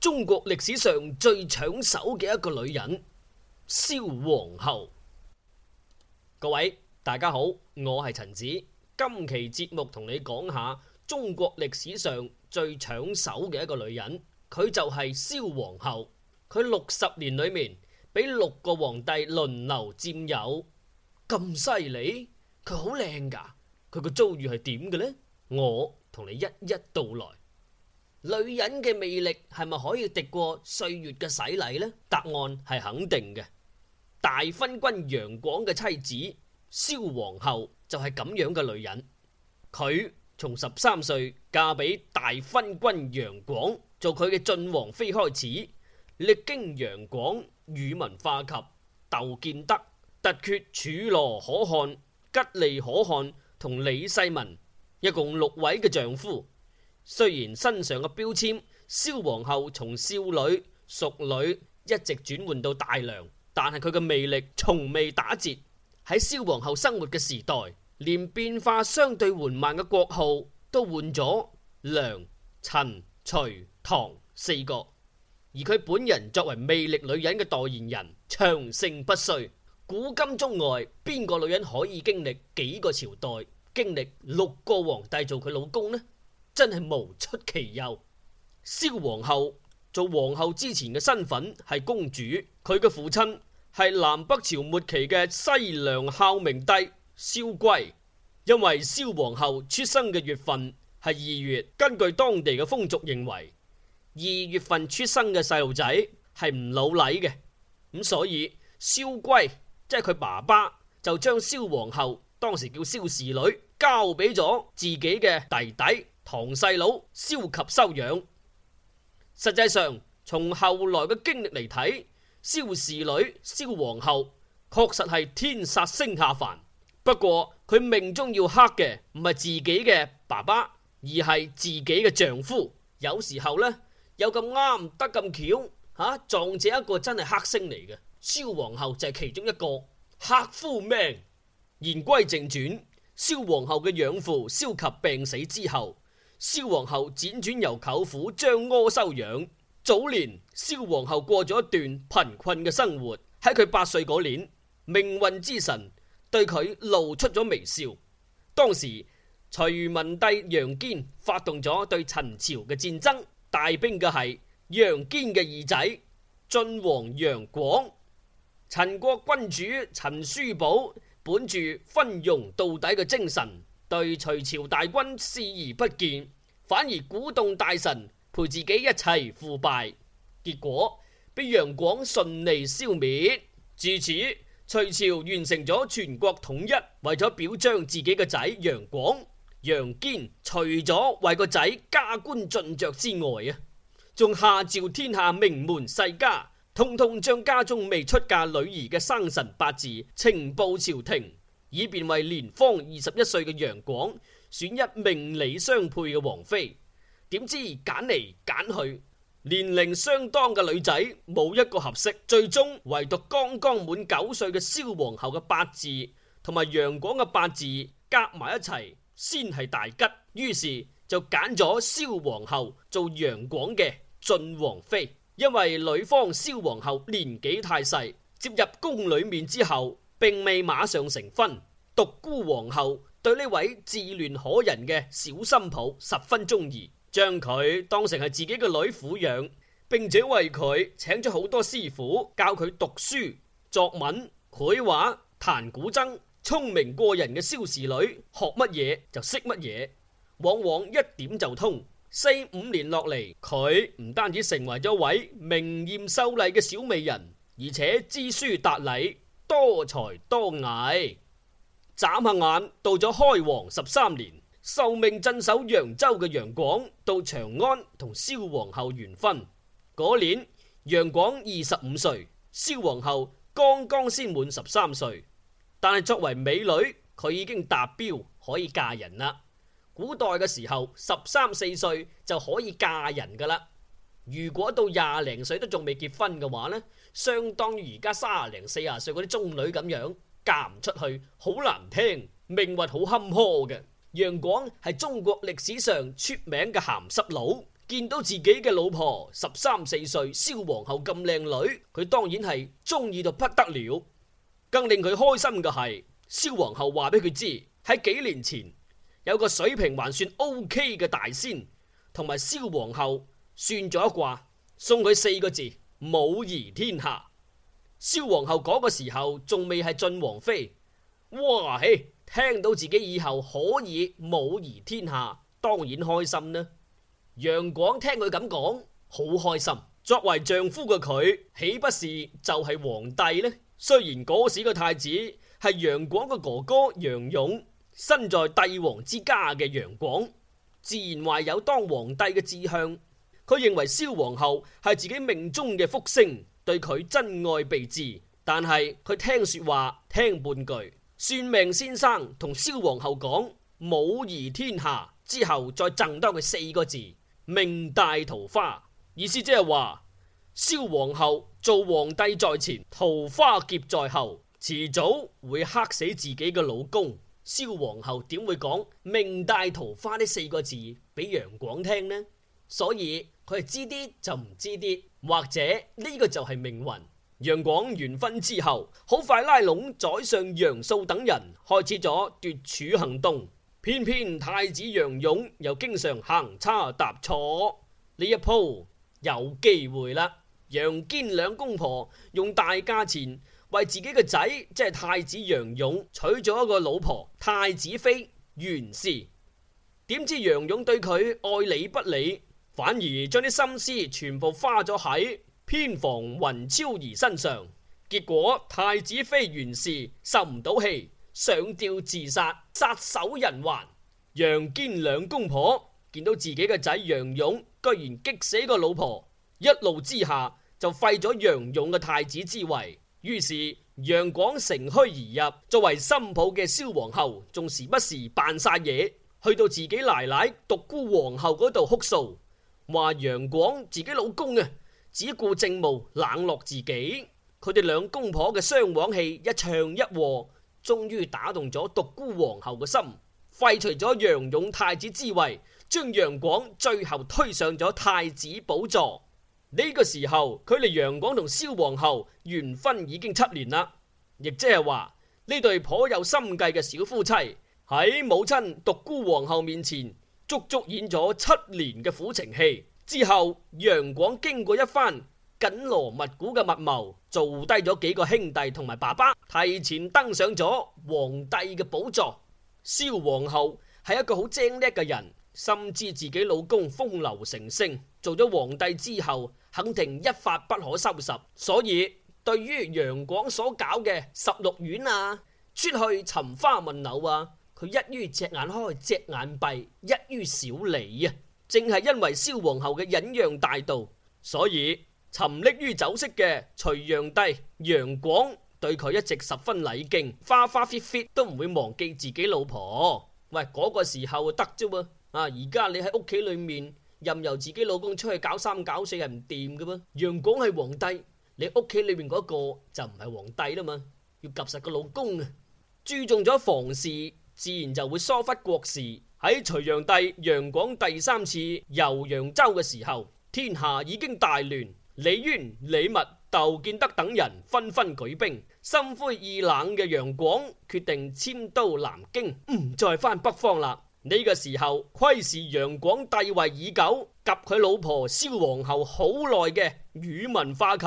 中國歷史上最搶手嘅一個女人——蕭皇后。各位大家好，我係陳子。今期節目同你講下中國歷史上最搶手嘅一個女人，佢就係蕭皇后。佢六十年裏面俾六個皇帝輪流占有，咁犀利。佢好靚噶，佢個遭遇係點嘅呢？我同你一一道來。女人嘅魅力係咪可以敵過歲月嘅洗禮呢？答案係肯定嘅。大昏君楊廣嘅妻子蕭皇后就係咁樣嘅女人。佢從十三歲嫁俾大昏君楊廣做佢嘅晉王妃開始，歷經楊廣、宇文化及、竇建德、突厥處羅可汗、吉利可汗同李世民，一共六位嘅丈夫。雖然身上嘅標籤，蕭皇后從少女、熟女一直轉換到大娘，但係佢嘅魅力從未打折。喺蕭皇后生活嘅時代，連變化相對緩慢嘅國號都換咗梁、陳、隋、唐四個，而佢本人作為魅力女人嘅代言人，長盛不衰。古今中外，邊個女人可以經歷幾個朝代，經歷六個皇帝做佢老公呢？真係無出其右。蕭皇后做皇后之前嘅身份係公主，佢嘅父親係南北朝末期嘅西梁孝明帝蕭巋。因為蕭皇后出生嘅月份係二月，根據當地嘅風俗，認為二月份出生嘅細路仔係唔老禮嘅，咁所以蕭巋即係佢爸爸就將蕭皇后當時叫蕭氏女交俾咗自己嘅弟弟。堂細佬蕭及收養，實際上從後來嘅經歷嚟睇，蕭氏女蕭皇后確實係天煞星下凡。不過佢命中要黑嘅唔係自己嘅爸爸，而係自己嘅丈夫。有時候呢，有咁啱得咁巧吓，啊、撞正一個真係黑星嚟，嘅蕭皇后就係其中一個黑夫命。言歸正傳，蕭皇后嘅養父蕭及病死之後，蕭皇后輾轉由舅父張柯收養。早年蕭皇后過咗一段貧困嘅生活。喺佢八歲嗰年，命運之神對佢露出咗微笑。當時隋文帝楊堅發動咗對陳朝嘅戰爭，帶兵嘅係楊堅嘅二仔晉王楊廣。陳國君主陳叔寶本住昏庸到底嘅精神，對隋朝大軍視而不見，反而鼓動大臣陪自己一齊腐敗，結果被楊廣順利消滅。至此，隋朝完成咗全國統一。為咗表彰自己嘅仔楊廣，楊堅除咗為個仔加官進爵之外，啊，仲下詔天下名門世家，通通將家中未出嫁女兒嘅生辰八字呈報朝廷。以便為年方二十一歲嘅楊廣選一命理相配嘅王妃，點知揀嚟揀去，年齡相當嘅女仔冇一個合適，最終唯獨剛剛滿九歲嘅蕭皇后嘅八字同埋楊廣嘅八字夾埋一齊先係大吉，於是就揀咗蕭皇后做楊廣嘅晉王妃，因為女方蕭皇后年紀太細，接入宮裏面之後。並未馬上成婚。獨孤皇后對呢位自戀可人嘅小新抱十分鍾意，將佢當成係自己嘅女撫養，並且為佢請咗好多師傅教佢讀書、作文、繪畫、彈古箏。聰明過人嘅蕭氏女學乜嘢就識乜嘢，往往一點就通。四五年落嚟，佢唔單止成為咗位明艷秀麗嘅小美人，而且知書達理。多才多藝，眨下眼到咗開皇十三年，受命鎮守揚州嘅楊廣到長安同蕭皇后完婚。嗰年楊廣二十五歲，蕭皇后剛剛先滿十三歲，但係作為美女，佢已經達標可以嫁人啦。古代嘅時候，十三四歲就可以嫁人噶啦。如果到廿零歲都仲未結婚嘅話呢？相當於而家三廿零四廿歲嗰啲中女咁樣，嫁唔出去，好難聽，命運好坎坷嘅。楊廣係中國歷史上出名嘅鹹濕佬，見到自己嘅老婆十三四歲蕭皇后咁靚女，佢當然係中意到不得了。更令佢開心嘅係，蕭皇后話俾佢知喺幾年前有個水平還算 OK 嘅大仙，同埋蕭皇后算咗一卦，送佢四個字。.母儀天下，蕭皇后嗰個時候仲未係晉王妃，哇嘿！聽到自己以後可以母儀天下，當然開心啦。楊廣聽佢咁講，好開心。作為丈夫嘅佢，豈不是就係皇帝呢？雖然嗰時嘅太子係楊廣嘅哥哥楊勇，身在帝王之家嘅楊廣，自然懷有當皇帝嘅志向。佢認為蕭皇后係自己命中嘅福星，對佢珍愛備至。但係佢聽說話聽半句，算命先生同蕭皇后講母儀天下之後，再贈多佢四個字，命帶桃花，意思即係話蕭皇后做皇帝在前，桃花劫在後，遲早會剋死自己嘅老公。蕭皇后點會講命帶桃花呢四個字俾楊廣聽呢？所以。佢知啲就唔知啲，或者呢個就係命運。楊廣完婚之後，好快拉攏宰相楊素等人，開始咗奪儲行動。偏偏太子楊勇又經常行差踏錯，呢一鋪有機會啦。楊堅兩公婆用大價錢為自己嘅仔，即係太子楊勇娶咗一個老婆，太子妃袁氏。點知楊勇對佢愛理不理。反而將啲心思全部花咗喺偏房雲超兒身上，結果太子妃袁氏受唔到氣，上吊自殺，撒手人寰。楊堅兩公婆見到自己嘅仔楊勇居然激死個老婆，一怒之下就廢咗楊勇嘅太子之位。於是楊廣乘虛而入，作為新抱嘅蕭皇后，仲時不時扮晒嘢去到自己奶奶獨孤皇后嗰度哭訴。話楊廣自己老公啊，只顧政務，冷落自己。佢哋兩公婆嘅雙簧戲一唱一和，終於打動咗獨孤皇后嘅心，廢除咗楊勇太子之位，將楊廣最後推上咗太子寶座。呢、這個時候，距離楊廣同蕭皇后完婚已經七年啦，亦即係話呢對頗有心計嘅小夫妻喺母親獨孤皇后面前。足足演咗七年嘅苦情戲之後，楊廣經過一番緊鑼密鼓嘅密謀，做低咗幾個兄弟同埋爸爸，提前登上咗皇帝嘅寶座。蕭皇后係一個好精叻嘅人，深知自己老公風流成性，做咗皇帝之後肯定一發不可收拾，所以對於楊廣所搞嘅十六院啊，出去尋花問柳啊。佢一於隻眼開隻眼閉，一於少理啊，正係因為蕭皇后嘅忍讓大度，所以沉溺於酒色嘅隋煬帝楊廣對佢一直十分禮敬，花花 fit fit 都唔會忘記自己老婆。喂，嗰個時候啊得啫喎，啊而家你喺屋企裏面任由自己老公出去搞三搞四係唔掂嘅噃。楊廣係皇帝，你屋企裏面嗰個就唔係皇帝啦嘛，要夾實個老公啊，注重咗房事。自然就會疏忽國事。喺隋煬帝楊廣第三次遊揚州嘅時候，天下已經大亂，李淵、李密、竇建德等人紛紛舉兵。心灰意冷嘅楊廣決定遷都南京，唔、嗯、再返北方啦。呢、這個時候，窺視楊廣帝位已久，及佢老婆蕭皇后好耐嘅宇文化及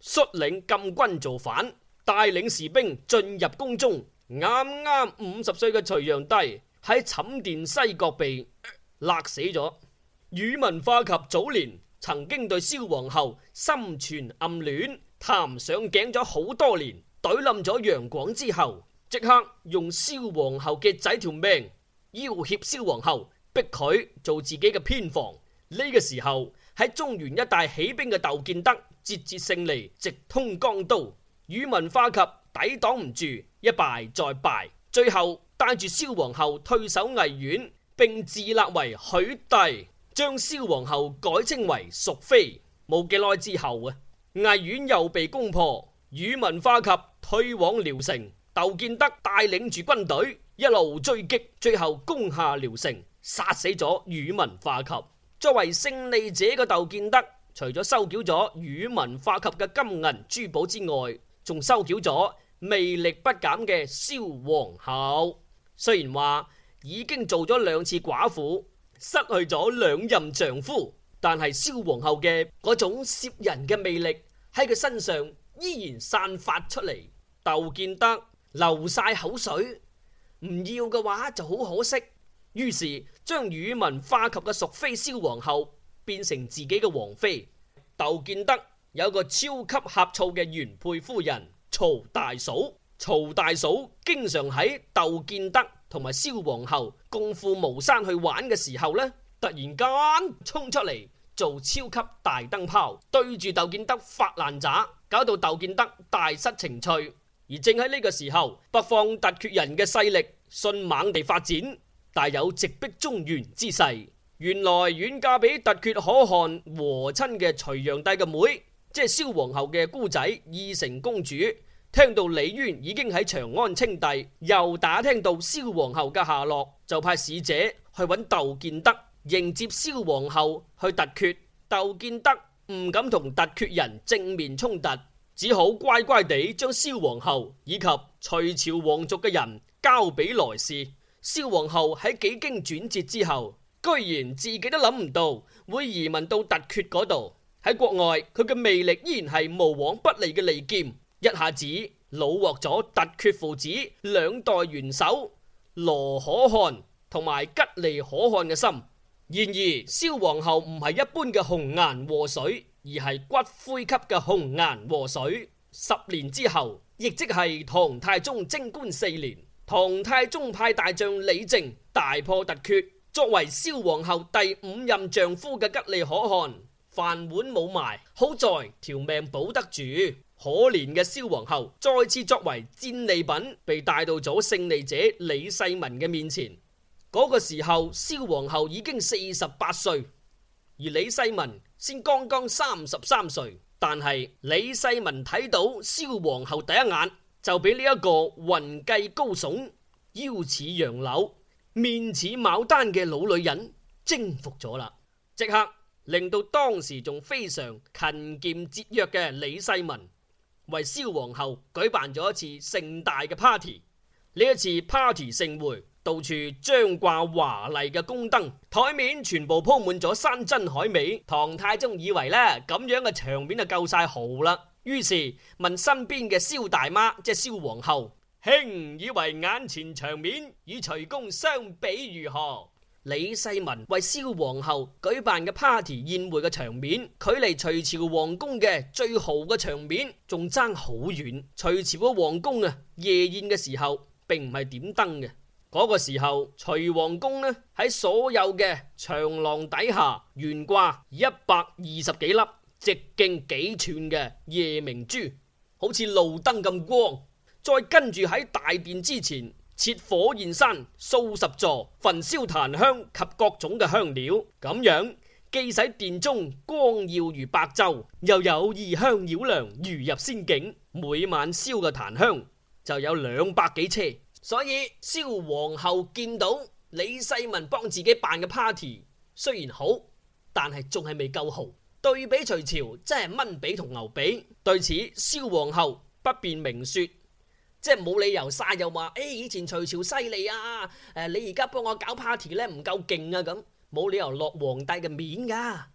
率領禁軍造反，帶領士兵進入宮中。啱啱五十歲嘅隋煬帝喺寢殿西角被、呃、勒死咗。宇文化及早年曾經對蕭皇后心存暗戀，談上頸咗好多年。懟冧咗楊廣之後，即刻用蕭皇后嘅仔條命要挾蕭皇后，逼佢做自己嘅偏房。呢、呢個時候喺中原一帶起兵嘅竇建德節節勝利，直通江都。宇文化及抵擋唔住。一敗再敗，最後帶住蕭皇后退守魏縣，並自立為許帝，將蕭皇后改稱為淑妃。冇幾耐之後啊，魏縣又被攻破，宇文化及退往聊城。竇建德帶領住軍隊一路追擊，最後攻下聊城，殺死咗宇文化及。作為勝利者嘅竇建德，除咗收繳咗宇文化及嘅金銀珠寶之外，仲收繳咗。魅力不減嘅蕭皇后，雖然話已經做咗兩次寡婦，失去咗兩任丈夫，但係蕭皇后嘅嗰種攝人嘅魅力喺佢身上依然散發出嚟。竇建德流晒口水，唔要嘅話就好可惜，於是將宇文化及嘅淑妃蕭皇后變成自己嘅王妃。竇建德有個超級呷醋嘅原配夫人。曹大嫂，曹大嫂經常喺竇建德同埋蕭皇后共赴巫山去玩嘅時候呢，突然間衝出嚟做超級大燈泡，對住竇建德發爛渣，搞到竇建德大失情趣。而正喺呢個時候，北方突厥人嘅勢力迅猛地發展，大有直逼中原之勢。原來遠嫁俾突厥可汗和親嘅隋煬帝嘅妹妹。即係蕭皇后嘅姑仔義成公主，聽到李淵已經喺長安稱帝，又打聽到蕭皇后嘅下落，就派使者去揾竇建德迎接蕭皇后去突厥。竇建德唔敢同突厥人正面衝突，只好乖乖地將蕭皇后以及隋朝皇族嘅人交俾來使。蕭皇后喺幾經轉折之後，居然自己都諗唔到會移民到突厥嗰度。喺國外，佢嘅魅力依然係無往不利嘅利劍，一下子虜獲咗突厥父子兩代元首羅可汗同埋吉利可汗嘅心。然而，蕭皇后唔係一般嘅紅顏禍水，而係骨灰級嘅紅顏禍水。十年之後，亦即係唐太宗貞觀四年，唐太宗派大將李靖大破突厥。作為蕭皇后第五任丈夫嘅吉利可汗。飯碗冇埋，好在條命保得住。可憐嘅蕭皇后再次作為戰利品，被帶到咗勝利者李世民嘅面前。嗰個時候，蕭皇后已經四十八歲，而李世民先剛剛三十三歲。但係李世民睇到蕭皇后第一眼，就俾呢一個雲髻高聳、腰似楊柳、面似牡丹嘅老女人征服咗啦！即刻。令到當時仲非常勤儉節約嘅李世民為蕭皇后舉辦咗一次盛大嘅 party。呢一次 party 盛會，到處張掛華麗嘅宮燈，台面全部鋪滿咗山珍海味。唐太宗以為呢咁樣嘅場面就夠晒豪啦，於是問身邊嘅蕭大媽，即係蕭皇后，卿以為眼前場面與隋宮相比如何？李世民為蕭皇后舉辦嘅 party 宴會嘅場面，距離隋朝皇宮嘅最豪嘅場面仲爭好遠。隋朝嘅皇宮啊，夜宴嘅時候並唔係點燈嘅。嗰、那個時候，隋皇宮呢喺所有嘅長廊底下懸掛一百二十幾粒直徑幾寸嘅夜明珠，好似路燈咁光。再跟住喺大殿之前。設火焰山數十座，焚燒檀香及各種嘅香料，咁樣既使殿中光耀如白晝，又有異香繞樑，如入仙境。每晚燒嘅檀香就有兩百幾車，所以蕭皇后見到李世民幫自己辦嘅 party，雖然好，但係仲係未夠豪，對比隋朝真係蚊髀同牛髀。對此，蕭皇后不便明說。即係冇理由曬，又話：，誒以前隋朝犀利啊！誒你而家幫我搞 party 咧，唔夠勁啊！咁冇理由落皇帝嘅面噶。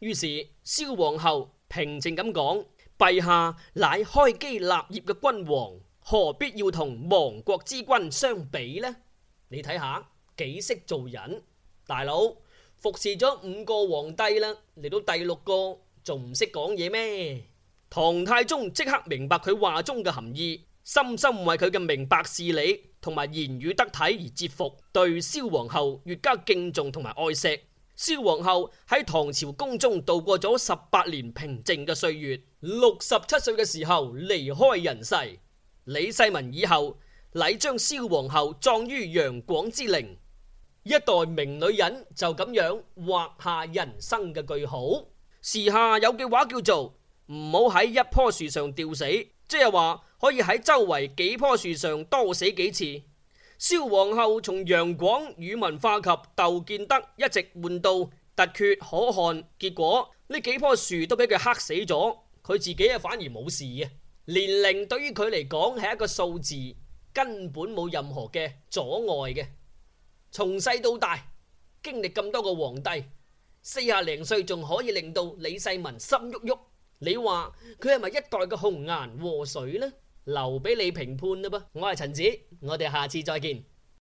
於是蕭皇后平靜咁講：，陛下乃開基立業嘅君王，何必要同亡國之君相比呢？你睇下幾識做人，大佬服侍咗五個皇帝啦，嚟到第六個仲唔識講嘢咩？唐太宗即刻明白佢話中嘅含義。深深為佢嘅明白事理同埋言語得體而折服，對蕭皇后越加敬重同埋愛惜。蕭皇后喺唐朝宮中度過咗十八年平靜嘅歲月，六十七歲嘅時候離開人世。李世民以后禮將蕭皇后葬於楊廣之陵，一代名女人就咁樣畫下人生嘅句號。時下有句話叫做唔好喺一棵樹上吊死，即係話。可以喺周圍幾棵樹上多死幾次。蕭皇后從楊廣、宇文化及、竇建德一直換到突厥可汗，結果呢幾棵樹都俾佢黑死咗，佢自己啊反而冇事嘅。年齡對於佢嚟講係一個數字，根本冇任何嘅阻礙嘅。從細到大，經歷咁多個皇帝，四廿零歲仲可以令到李世民心郁郁，你話佢係咪一代嘅紅顏禍水呢？留俾你評判啦噃，我係陳子，我哋下次再見。